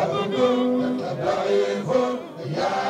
عبد تضعيف يا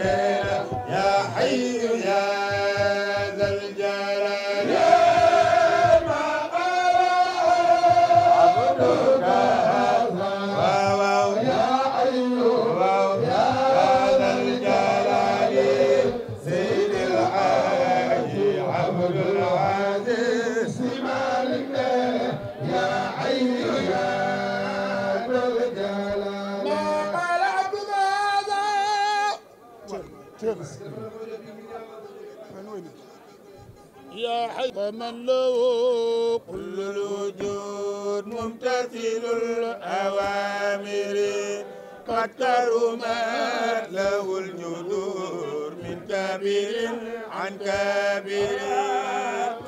Amen. يا حي فمن له كل الوجود ممتثل الأوامر قد كرمت له الجدور من كبير عن كبير